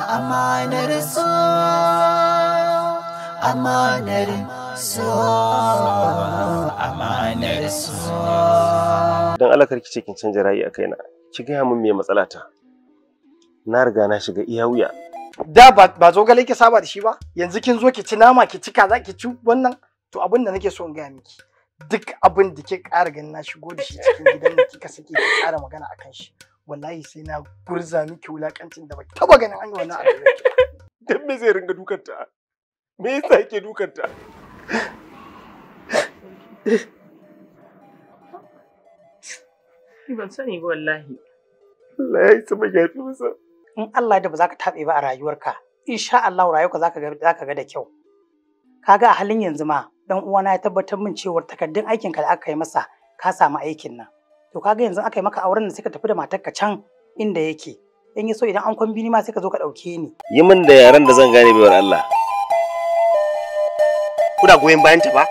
Amanar so, so, Don Allah karki ce kin canja a kaina. Ki gaya min me matsala ta. Na riga na shiga iya Da ba ba zogale ki saba da shi ba. Yanzu kin zo ki ci nama ki ci kaza ki ci wannan. To abin da nake so in gaya miki. Duk abin da ke ƙara ganin na shigo da shi cikin gidan da kika sake ki ƙara magana akan shi. wallahi sai na gurza miki wulakancin da baki taba ganin an yi wannan abu dan me zai ringa dukanta me yasa yake dukanta ban sani ba wallahi Allah ya yi sama yafi masa in Allah da ba za ka taɓe ba a rayuwarka insha Allah rayuwarka ka ga ka ga da kyau kaga a halin yanzu ma dan uwana ya tabbatar min cewa takardun aikin ka da aka yi masa ka samu aikin nan to kaga yanzu aka yi maka auren da sai ka tafi da matar ka can inda yake in ya so idan an kwan bini ma sai ka zo ka ɗauke ni yi min da yaren da zan gane baiwar Allah kuna goyon bayan ta ba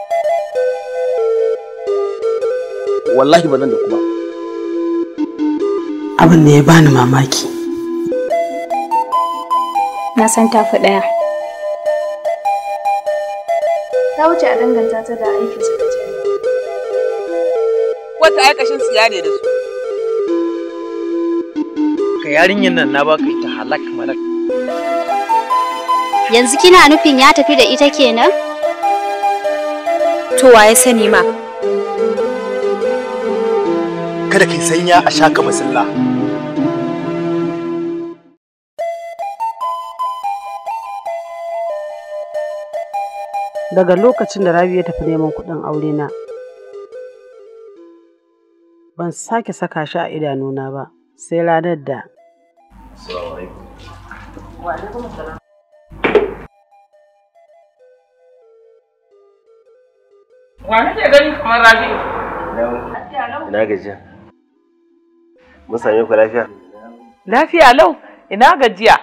wallahi ba nan da kuma abin da ya bani mamaki na san tafi ɗaya ta wuce a danganta ta da aikin wata kashin su yare da su ka yarinyin nan na baka ita halak malak yanzu kina nufin ya tafi da ita kenan to ya sani ma kada kai sanya a shaka masalla daga lokacin da Rabi ya tafi neman kuɗin aure na ban sake saka shi a idanuna ba sai ranar da Wane ke gani kamar Rabi'u? Ina gajiya. Mun same ku lafiya? Lafiya lau, ina gajiya.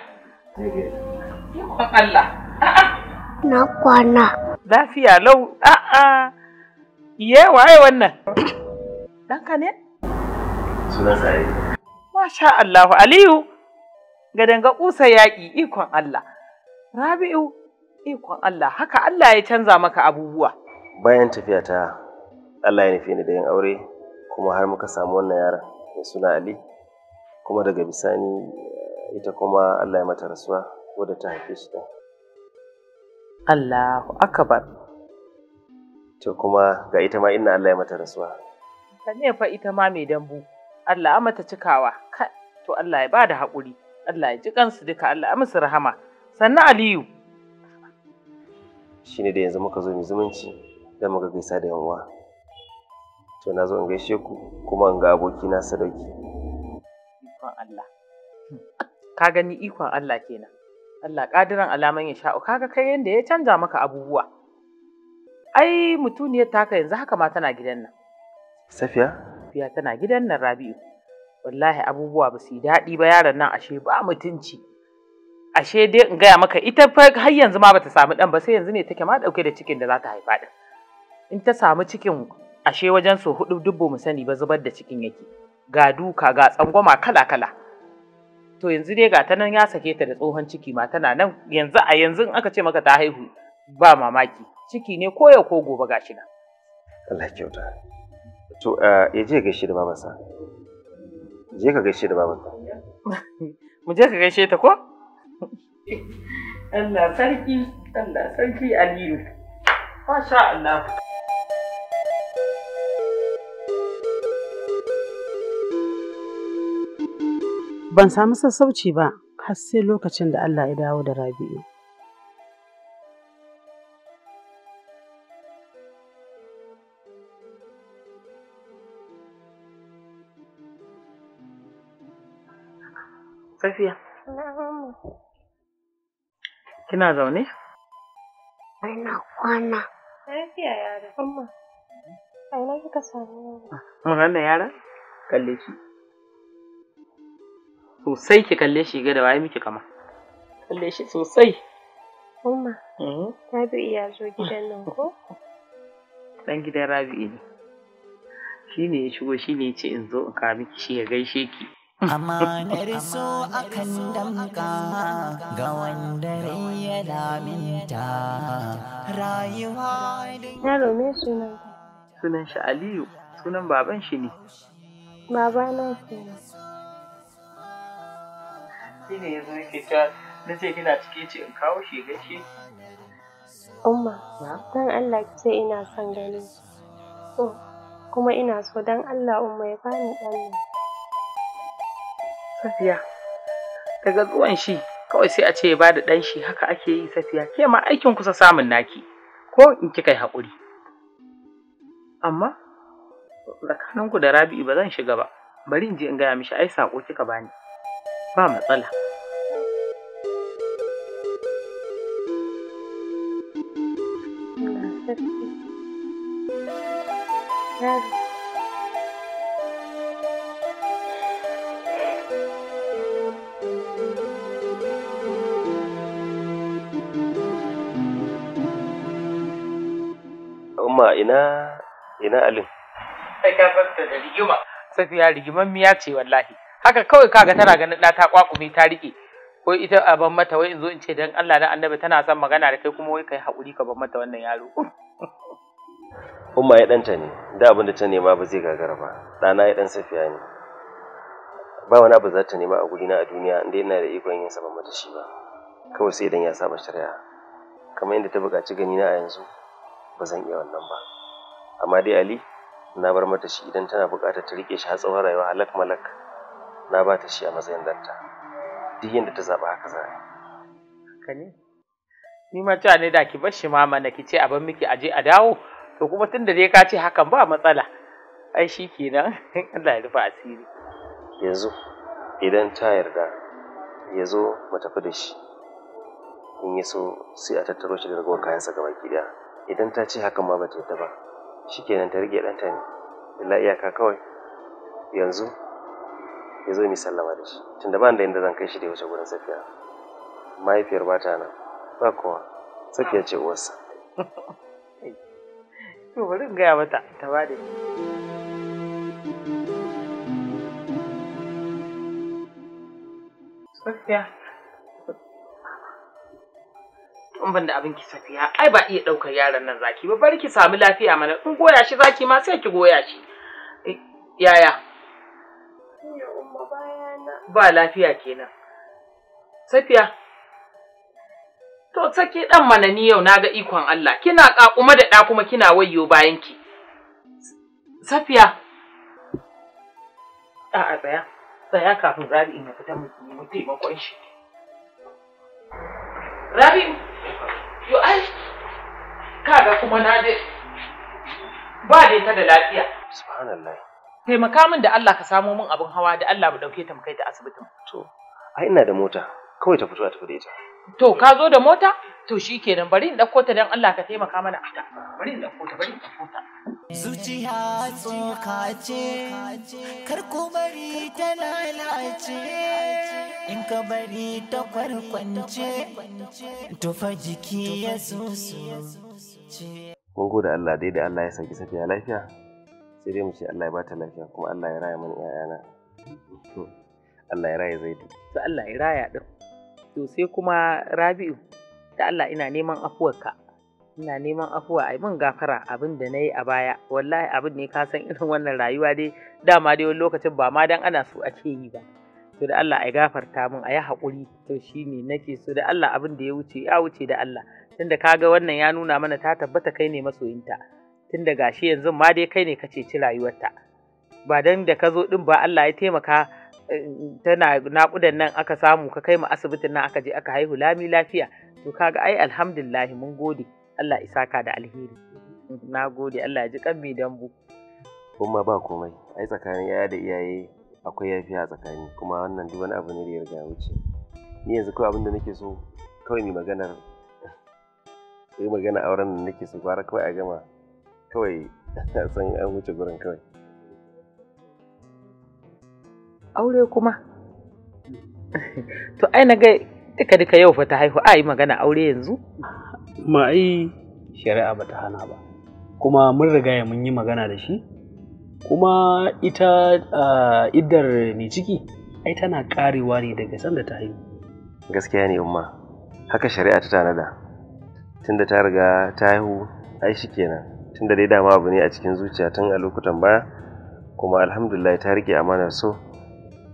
Na kwana. Lafiya lau, a'a. Ye waye wannan? Ɗanka ne? sunan sa masha Allahu Aliyu ga danga ƙusa yaƙi, ikon Allah Rabi'u ikon Allah haka Allah ya canza maka abubuwa bayan tafiya ta Allah ya nufi ni da yin aure kuma har muka samu wannan yaran mai suna Ali kuma daga bisani ita kuma Allah ya mata rasuwa wadda ta haife shi ta Allahu akbar to kuma ga ita ma inna Allah ya mata rasuwa ka ne fa ita ma mai dambu Allah ya mata cikawa to Allah ya bada haƙuri Allah ya ji kansu duka Allah ya musu rahama sannan Aliyu shine da yanzu muka zo mu zumunci da muka gaisa da yawa. to na zo in gaishe ku kuma in ga aboki na sadauki ikon Allah ka gani ikon Allah kenan Allah kadiran alaman ya sha'u kaga kai yanda ya canja maka abubuwa ai mutuniyar taka yanzu haka ma tana gidan nan safiya mahaifiya tana gidan nan Rabi'u. Wallahi abubuwa ba su yi daɗi ba yaron nan ashe ba mutunci. Ashe dai in gaya maka ita fa har yanzu ma bata samu ɗan ba sai yanzu ne take ma ɗauke da cikin da za ta haifa ɗin. In ta samu cikin ashe wajen so hudu dubbo mu sani ba zubar da cikin yake. Ga duka ga tsangwama kala-kala. To yanzu dai ga ta nan ya sake ta da tsohon ciki ma tana nan yanzu a yanzu in aka ce maka ta haihu ba mamaki ciki ne ko ya ko gobe gashi nan. Allah kyauta. To, eh, ya je gaishe da babansa. Je ka gaishe da babansa. Mu je ka gaishe ta ko? Allah sarki, Allah sarki Aliyu. Masha Allah. Ban samu sassauci ba har sai lokacin da Allah ya dawo da Rabi'u. Tafiya. Kina zaune? Ina kwana. Lafiya yara. Amma. A ina kika samu yara? Mun ranar yara? Kalle shi. Sosai ki kalle shi ga da waye miki kama. Kalle shi sosai. Umma. Mm-hmm. Rabi'u ya zo gidan nan ko? Dan gidan Rabi'i ne. Shi ne ya shigo shi ne ya ce in zo in kawo miki shi ya gaishe ki. Amanar so akan damka ga wanda rai ya laminta rayuwa Yaro me sunan? Sunan shi Aliyu, sunan baban shi ne. Baba kenan. Shi ne yanzu yake ta na ce kina ciki ce in kawo shi gashi. Umma, don Allah ki ce ina son gani. Oh, kuma ina so don Allah Umma ya bani ɗan Safiya, daga zuwan shi kawai sai a ce ya bada ɗan shi haka ake yi Safiya, ke ma aikin kusa samun naki, ko in kika yi haƙuri. Amma, tsakaninku da Rabi'u ba zan shiga ba, bari in je in gaya mishi ai saƙo kika bani, ba matsala. Yeah. umma ina ina alin sai ka san da rigima safiya rigiman miya ce wallahi haka kawai kaga tana ganin ɗa ta kwakume ta rike ko ita a ban mata wai in zo in ce dan Allah da annabi tana son magana da kai kuma wai kai haƙuri ka ban mata wannan yaro umma ya ɗanta ne da abin da ta nema ba zai gagara ba ɗana ya ɗan safiya ne ba wani abu za ta nema a gurina a duniya inda yana da ikon yin saban mata shi ba kawai sai idan ya saba shari'a kamar yadda ta buƙaci gani na a yanzu ba zan iya wannan ba amma dai ali na bar mata shi idan tana buƙatar ta rike shi har tsawon rayuwa halak malak na ba ta shi a matsayin danta duk yadda ta zaɓa haka za a ne ni ma ta ne da ki bar shi mama na ki ce a bar miki a je a dawo to kuma tunda dai ka ce hakan ba matsala ai shi kenan Allah ya rufa asiri yanzu idan ta yarda ya zo mu tafi da shi in ya so sai a tattaro shi daga ragowar kayansa gaba ki daya idan ta ce hakan ma ba ta ta ba kenan ta rike ɗanta ne illa iyaka kawai yanzu ya zo mi sallama da shi tunda ba da inda zan kai shi da wuce gurin safiya mahaifiyar ba ta nan ba kowa safiya ce uwarsa to bari gaya mata ta ba da safiya in ban da abin ki safiya ai ba iya ɗaukar yaron nan zaki ba bari ki sami lafiya mana in goya shi zaki ma sai ki goya shi yaya ba lafiya kenan safiya to sake dan mana ni yau naga ikon Allah kina kakuma da ɗa kuma kina wayyo bayan ki safiya a'a tsaya tsaya kafin rabi'in ya fita mu taimakon shi rabi'u kuma na je ba da ita da lafiya. Subhanallah. Taimaka min da Allah ka samo min abin hawa da Allah mu dauke ta mu kai ta asibitin. To, a ina da mota, kawai ta fito a tafi da ita. To, ka zo da mota? To shikenan bari in dauko ta dan Allah ka taimaka mana a Bari in dauko ta, bari in dauko ta. Zuciya tsoka ce, kar ku bari ta lalace, in ka bari ta kwarkwance, fa jiki ya susu. mun gode Allah dai da Allah ya sauki safiya lafiya sai dai mu ce Allah ya bata lafiya kuma Allah ya raya mana ƴaƴana Allah ya raya zaidu to Allah ya raya din to sai kuma Rabi'u da Allah ina neman afuwarka ina neman afuwa ai min gafara abin da na yi a baya wallahi abin ne ka san irin wannan rayuwa dai dama dai wani lokacin ba ma dan ana so ake yi ba to da Allah ai gafarta min ayi haƙuri to shine nake so da Allah abin da ya wuce ya wuce da Allah tunda kaga wannan ya nuna mana ta tabbata kai ne masoyinta tunda gashi yanzu ma dai kai ne ka ceci rayuwarta ba dan da ka zo din ba Allah ya taimaka eh, tana naƙudan nan aka samu ka kai mu asibitin nan aka je aka haihu lami lafiya to kaga ai alhamdulillah mun gode Allah isa ka da alheri na gode Allah ya ji kan mai dambu kuma ba komai ai tsakanin yaya da iyaye akwai yafiya tsakani kuma wannan duk wani abu ne da ya riga wuce ni yanzu kawai abin da nake so kawai mai maganar yi magana wurin da nake su gwara kawai a gama kawai san an wuce gurin kawai aure kuma to ai na ga duka duka yau fa ta haihu a yi magana aure yanzu ma ai shari'a ba ta hana ba kuma mun riga mun yi magana da shi kuma ita idar ne ciki ai tana karewa ne daga sanda ta haihu gaskiya ne umma haka shari'a ta tanada tunda ta riga ta haihu ai shi kenan tunda dai dama abu ne a cikin zuciya tun a lokutan baya kuma alhamdulillah ta rike amanar so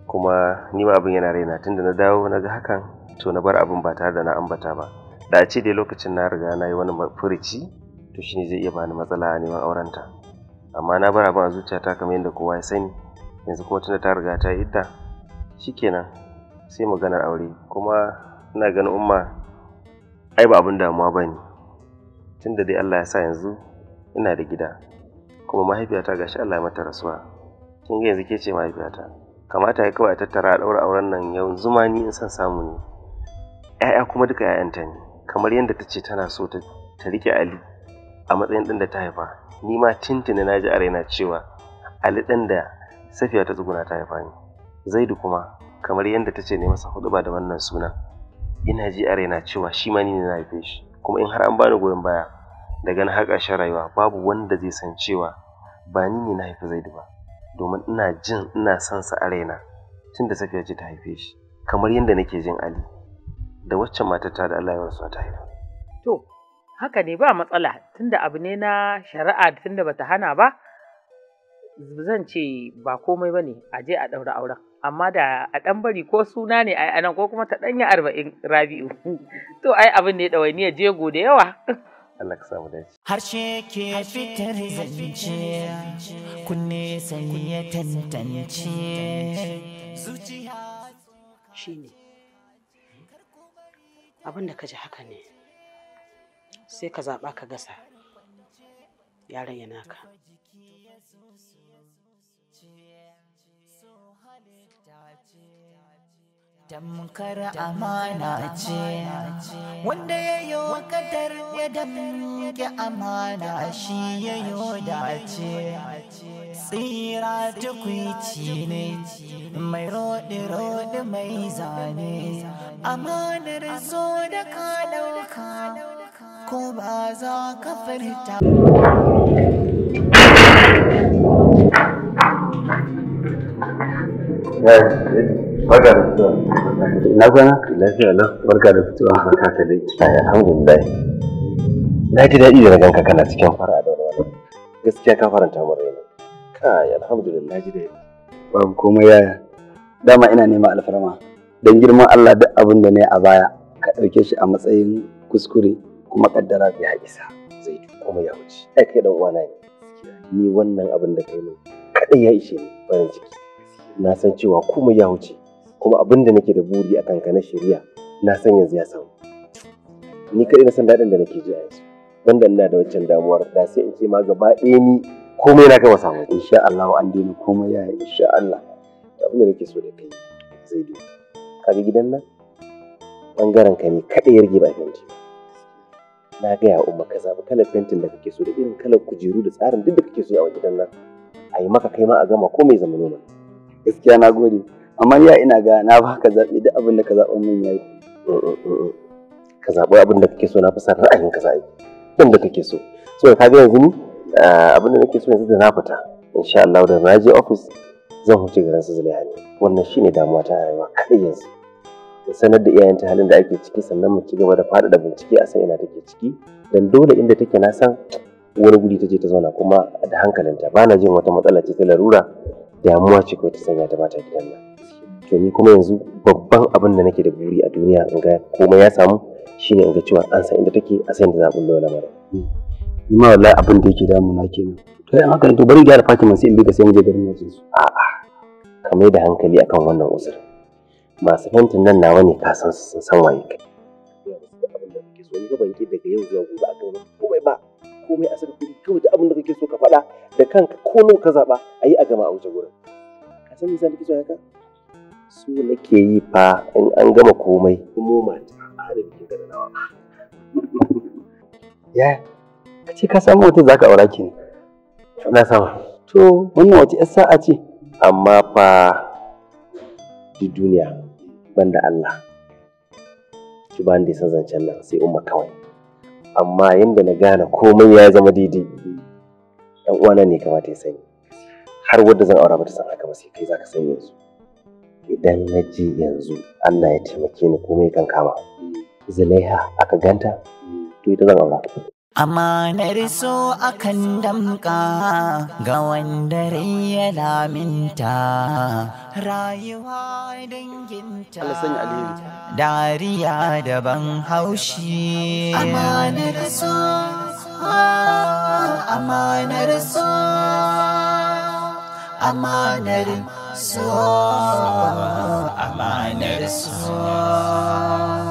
kuma ni ma abin yana raina tunda na dawo na ga hakan to na bar abin ba tare da na ambata ba da a ce dai lokacin na riga na yi wani furici to ne zai iya bani matsala a neman aurenta amma na bar abin a zuciyata kamar yadda kowa ya sani yanzu kuma tunda ta riga ta yi idda kenan sai maganar aure kuma ina ganin umma ai ba abin damuwa ba ne da dai Allah ya sa yanzu ina da gida kuma mahaifiyata gashi Allah ya mata rasuwa kin ga yanzu ke ce mahaifiyata kamata ya kawai tattara a ɗaura auren nan yanzu ma ni in san samu ne ‘ya'ya kuma duka ‘ya'yanta ne kamar yadda ta ce tana so ta rike Ali a matsayin ɗin da ta haifa ni ma tintini na ji a raina cewa Ali ɗin da Safiya ta tsuguna ta haifa ne Zaidu kuma kamar yadda ta ce ne masa hudu ba da wannan sunan. ina ji a raina cewa shi ma ni ne na haife shi kuma in har an bani goyon baya daga na haƙa rayuwa babu wanda zai san cewa ba ni ne na haifi zaidu ba domin ina jin ina son sa a raina tun da safiya ce ta haife shi kamar yadda nake jin ali da waccan matar ta da Allah ya warsa ta haifa to haka ne ba matsala tunda abu ne na shari'a tunda bata hana ba zan ce ba komai bane a je a ɗaura auren amma da a ɗan bari ko suna ne a nan ko kuma ta ɗanya arba'in rabi'u to ai abin ne ɗawainiya jego da yawa Allah ka Harshe ke fitar zance, kunne sai ya tantance. shi ne, abin ka ji haka ne, sai ka zaɓa ka gasa yaran ya ka. damkar amana ce wanda ya yi wa kadar ya damke amana shi ya yi dace tsira tukwici ne mai roɗi-roɗi mai zane amanar zo da ka ɗauka ko ba za ka furta barka da na lafiya na barka da fitowa dai ai alhamdulillah na ji daɗi da kana cikin fara da wani gaskiya ka faranta raina kai alhamdulillah ji daɗi komai yaya dama ina neman alfarma dan girman Allah duk abin da yi a baya ka ɗauke shi a matsayin kuskure kuma kaddara bai zai kuma ya wuce ai dan uwana ne wannan abin da kai ne ya ishe ni farin ciki na san cewa komai ya wuce kuma abin da nake da buri a kankana shari'a na san yanzu ya samu ni kaɗai na san daɗin da nake ji a yanzu banda ina da waccan damuwar da sai in ce ma gaba ɗaya ni komai na gama samu insha Allah an daina komai ya insha Allah abin da nake so da kai zai ka ga gidan nan bangaren ka ne kaɗai ya rage ba fenti na gaya wa umma ka zaɓi kalar fentin da kake so da irin kalar kujeru da tsarin duk da kake so a gidan nan a yi maka kai ma a gama komai zama nan. gaskiya na gode amma ya ina ga na baka zaɓi duk abin da ka zaɓa min yayi ka zaɓi abin da kake so na fi ra'ayin ka zaɓi abin da kake so so ka ga yanzu ni abin da nake so yanzu da na fita insha Allah da na je office zan huce garin su zulaiha ne wannan shine damuwa ta rayuwa kai yanzu da sanar da iyayenta halin da ake ciki sannan mu ci gaba da faɗaɗa bincike a san ina take ciki dan dole inda take na san wani guri ta je ta zauna kuma da hankalinta ba na jin wata matsala ce ta larura damuwa ce kawai ta sanya ta bata gidan nan to ni kuma yanzu babban abin da nake da buri a duniya in ga komai ya samu shine in ga cewa an san inda take a san inda za a bullo lamarin ni ma wallahi abin da yake na kenan to yan haka to bari gyara fatima sai in bi ga sai mu je garin a a'a ka mai da hankali akan wannan usur masu fentin nan nawa ne ka san sun san waye kai abin da kake so ni daga yau zuwa gobe a komai ba komai a saka kuɗi kawai da abin da kake so ka faɗa da kanka ko nawa ka zaɓa a yi a gama a wuce gurin ka san misali kake so haka so nake yi fa in an gama komai kuma ma a da bikin da nawa ya ka ce ka samu za zaka aura ki ne na sama to wannan wace yar sa'a ce amma fa duk duniya banda Allah ki ba ni da san zancen nan sai umma kawai amma yadda na gane komai ya zama daidai yan uwana ne kamata ya sani har wadda zan aura mata san haka ba sai kai zaka san yanzu idan na ji yanzu Allah ya taimake ni komai kan kama zulaiha aka ganta to ita zan aura Amanar so akan damka ga wanda ya laminta rayuwa danginta dariya ban haushi. Ah, amanar so, amanar so, amanar so, amanar so.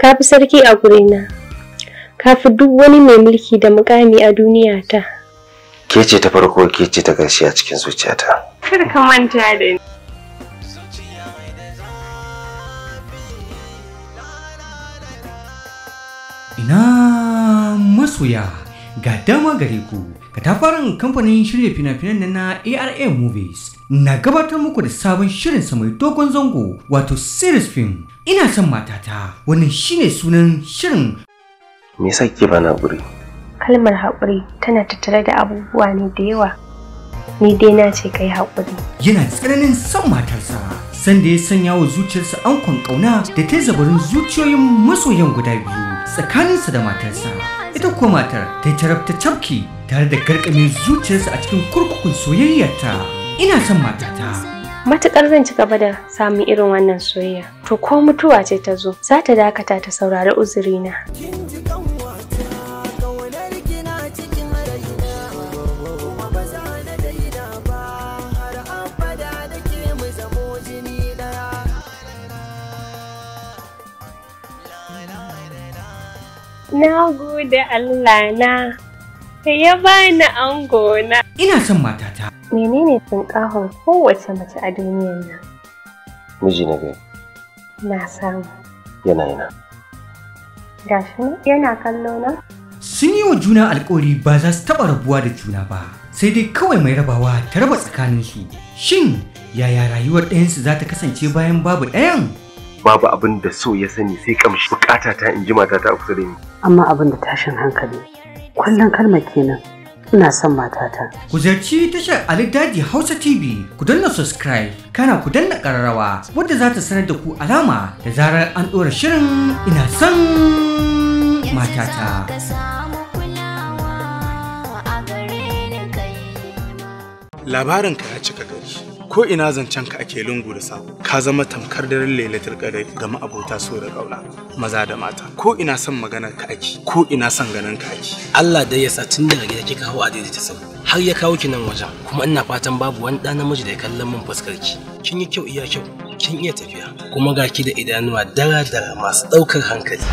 ka fi sarki a gurina ka fi duk wani mai mulki da mukami a duniya ta ke ce ta farko ke ce ta ƙarshe a cikin zuciyata kar ka manta da ni ina masoya ga dama gare ku ka tafarin kamfanin shirya fina-finan na na ARA Movies na gabatar muku da sabon shirin sa mai dogon zango wato series film ina son matata wani shine sunan shirin me yasa kike bana guri kalmar haƙuri tana tattare da abubuwa ne da yawa ni dai na ce kai haƙuri yana tsananin son matarsa sanda ya sanya wa zuciyarsa ankon ƙauna da ta zabarin zuciyoyin masoyan guda biyu tsakaninsa da matarsa ita kuwa matar ta tarabta cabki, tare da garkame zuciyarsa a cikin kurkukun soyayyarta ina son matata Matuƙar zan ci gaba da samun irin wannan soyayya. To ko mutuwa ce ta zo, za ta dakata ta saurari uzurina. Na gode Allah na, ya bani angona. Ina son matata. menene tunƙahon kowace mace a duniyar nan miji na gari na samu yana yana gashi yana kallo na sun yi wa juna alkawari ba za su taɓa rabuwa da juna ba sai dai kawai mai rabawa ta raba tsakanin tsakaninsu shin yaya rayuwar ɗayansu za ta kasance bayan babu ɗayan babu abin da so ya sani sai kamshi bukata ta in ji matata a kusa da ni amma abin da tashin hankali kullum kalmar kenan ina son matata. Ku ziyarci tashar Ali Daji Hausa TV, ku danna subscribe, kana ku danna ƙararrawa wadda za ta sanar da ku alama da zarar an ɗora shirin ina son matata. Labarin ka ya cika gari. ko ina zancen ka ake lungu da sako ka zama tamkar daren lailatul qadar ga ma'abota so da kauna maza da mata ko ina son maganar ka ake ko ina son ganin ka ake Allah dai ya sa tun daga gida kika hawo ta sau har ya kawo ki nan wajen kuma ina fatan babu wani ɗan namiji da ya kallon min fuskar ki kin yi kyau iya kyau kin iya tafiya kuma ga ki da idanuwa dara dara masu ɗaukar hankali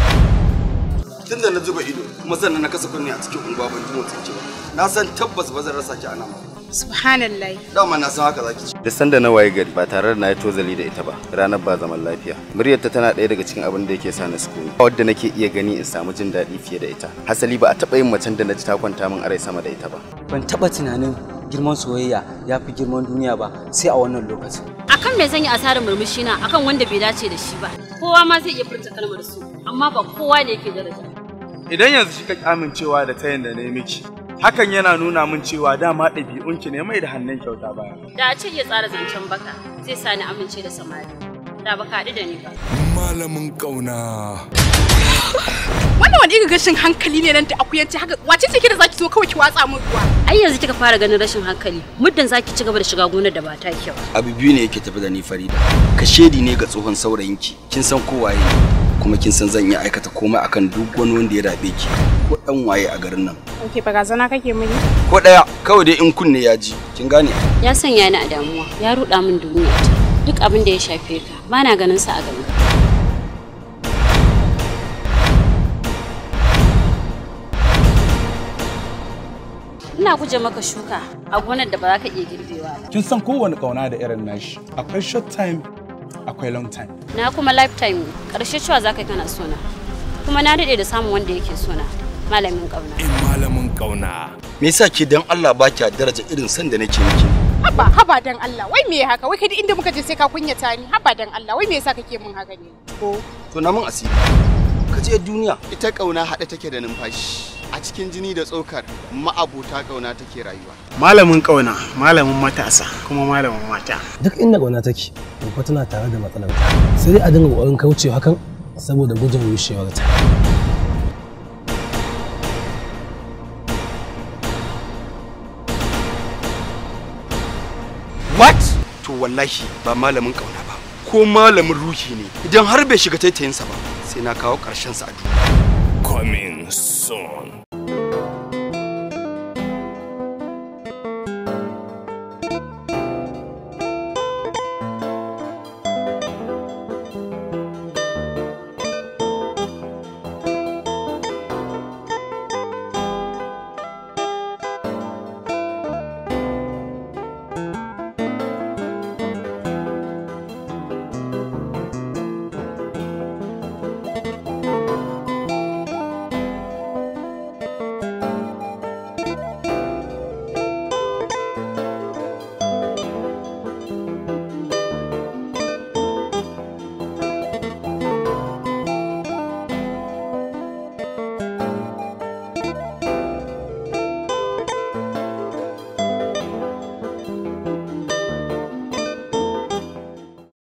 tunda na zuba ido kuma sannan na kasa kunni a cikin unguwa ban ji motsin ki ba na san tabbas ba zan rasa ki a nan ba subhanallah dama na san haka zaki ci da sanda na waye gari ba tare da na yi tozali da ita ba ranar ba zaman lafiya muryar ta tana ɗaya daga cikin abin da yake sa na sukuni ba wadda nake iya gani in samu jin daɗi fiye da ita hasali ba a taɓa yin macen da na ji ta kwanta min arai sama da ita ba ban taɓa tunanin girman soyayya ya fi girman duniya ba sai a wannan lokacin akan me zan yi asarar murmushi na akan wanda bai dace da shi ba kowa ma zai iya furta kalmar su amma ba kowa ne yake daraja idan yanzu kika amincewa da tayan da na yi miki hakan yana nuna min cewa dama ɗabi'unki ne mai da hannun kyauta baya. Da a ce ya tsara zancen baka zai sa ni amince da samari. Da ba ka da ni ba. Malamin ƙauna. Wannan wani irin rashin hankali ne nan da akuyanci haka wace ce ki da zaki zo kawai ki watsa min ruwa. Ai yanzu kika fara ganin rashin hankali muddin zaki ci gaba da shiga gonar da ba ta kyau. Abu biyu ne yake tafi da ni Farida. Kashedi ne ga tsohon saurayinki kin san kowaye. kuma kin san zan iya aikata komai akan duk wani wanda ya rabe ki ko dan waye a garin nan ok barazana kake mini ko daya kawai dai in kunne ya ji kin gane ya sanya ni a damuwa ya ruda min duniya duk abin da ya shafe ka na ganin sa a gaba ina guje maka shuka a gonar da ba za ka iya girbewa ba. Kin san kowane kauna da irin nashi. Akwai short time akwai long time na kuma lifetime karshe cewa zaka kana sona kuma na dade da samun wanda yake sona malamin kauna malamin kauna me yasa ke dan Allah ba ki daraja irin san da nake miki haba haba dan Allah wai me haka wai kai inda muka je sai ka kunyata ni haba dan Allah wai me yasa kake mun haka ne ko to na mun asiri ka duniya ita kauna hada take da numfashi a cikin jini da tsokar ma'abota kauna take rayuwa malamin kauna malamin matasa kuma malamin mata duk inda kauna take to tana tare da matsalar sai dai a dinga kokarin kaucewa hakan saboda gujin rushewar ta what to wallahi ba malamin kauna ba ko malamin ruhi ne idan har bai shiga taitayinsa ba sai na kawo karshen sa a duniya coming soon